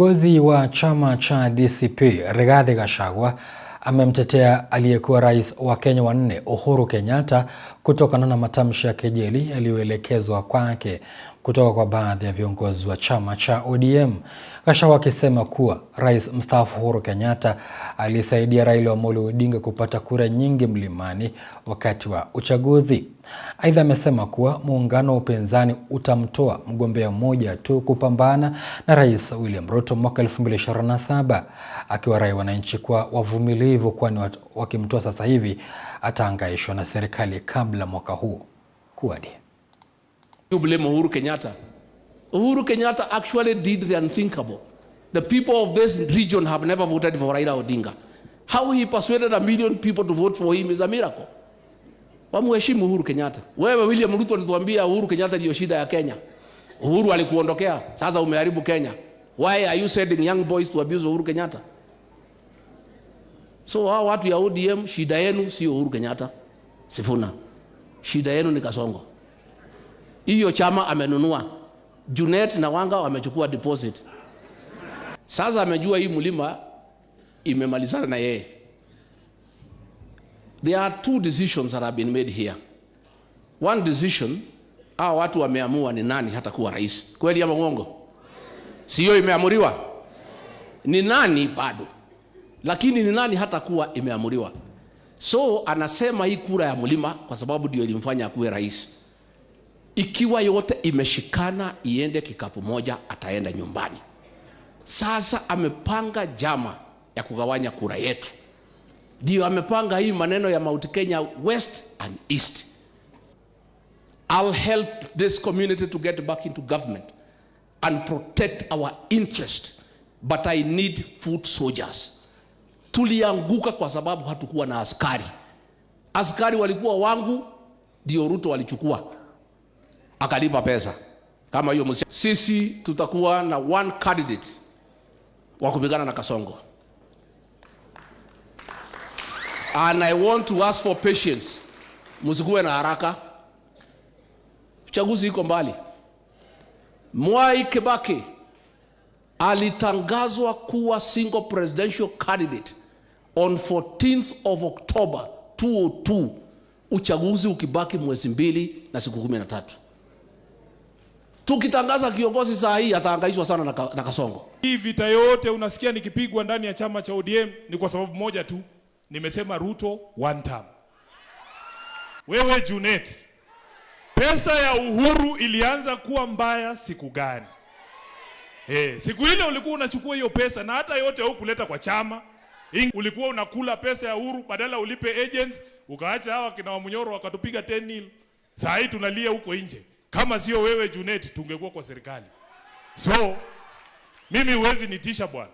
Kiongozi wa chama cha DCP Rigathi Gachagua amemtetea aliyekuwa rais wa Kenya wa nne Uhuru Kenyatta kutokana na matamshi ya kejeli yaliyoelekezwa kwake kutoka kwa baadhi ya viongozi wa chama cha ODM. Gachagua akisema kuwa rais mstaafu Uhuru Kenyatta alisaidia Raila Amolo Odinga kupata kura nyingi Mlimani wakati wa uchaguzi. Aidha, amesema kuwa muungano wa upinzani utamtoa mgombea mmoja tu kupambana na Rais William Ruto mwaka 2027, akiwarai wananchi kuwa wavumilivu, kwani wakimtoa sasa hivi ataangaishwa na serikali kabla mwaka huu kuwadia. You blame Uhuru Kenyatta. Uhuru Kenyatta actually did the unthinkable. The people of this region have never voted for Raila Odinga. How he persuaded a million people to vote for him is a miracle. Wamheshimu Uhuru Kenyatta. Wewe William Ruto ulituambia Uhuru Kenyatta ndio shida ya Kenya. Uhuru alikuondokea, sasa umeharibu Kenya. Why are you sending young boys to abuse Uhuru Kenyatta? So hao watu ya ODM shida yenu sio Uhuru Kenyatta. Sifuna. Shida yenu ni Kasongo. Hiyo chama amenunua. Junet na Wanga wamechukua deposit. Sasa amejua hii mlima imemalizana na yeye. There are two decisions that have been made here. One decision, hawa watu wameamua ni nani hata kuwa rais. Kweli ama uongo? Siyo imeamuriwa? Ni nani bado? Lakini ni nani hata kuwa imeamuriwa. So anasema hii kura ya mlima kwa sababu ndio ilimfanya akuwe rais. Ikiwa yote imeshikana iende kikapu moja, ataenda nyumbani. Sasa amepanga jama ya kugawanya kura yetu ndio amepanga hii maneno ya Mount Kenya West and East. I'll help this community to get back into government and protect our interest, but I need foot soldiers. Tulianguka kwa sababu hatukuwa na askari. Askari walikuwa wangu, ndio Ruto walichukua akalipa pesa kama hiyo. Sisi tutakuwa na one candidate wa kupigana na Kasongo. And I want to ask for patience. Msikuwe na haraka. Uchaguzi iko mbali. Mwai Kibaki alitangazwa kuwa single presidential candidate on 14th of October 2002, uchaguzi ukibaki mwezi mbili na siku 13. Tukitangaza kiongozi saa hii atahangaishwa sana na Kasongo. Hii vita yote unasikia nikipigwa ndani ya chama cha ODM ni kwa sababu moja tu. Nimesema Ruto one term. Wewe Junet, pesa ya Uhuru ilianza kuwa mbaya siku gani? Hey, eh, siku ile ulikuwa unachukua hiyo pesa na hata yote hukuleta kwa chama. Ingi, Ulikuwa unakula pesa ya Uhuru badala ulipe agents, ukaacha hawa kina Wamunyoro wakatupiga 10 nil. Saa hii tunalia huko nje. Kama sio wewe Junet, tungekuwa kwa serikali. So mimi huwezi nitisha bwana,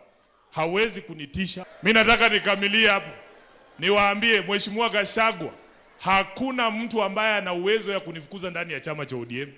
hawezi kunitisha. Mimi nataka nikamilie hapo niwaambie Mheshimiwa Gashagwa, hakuna mtu ambaye ana uwezo ya kunifukuza ndani ya chama cha ODM.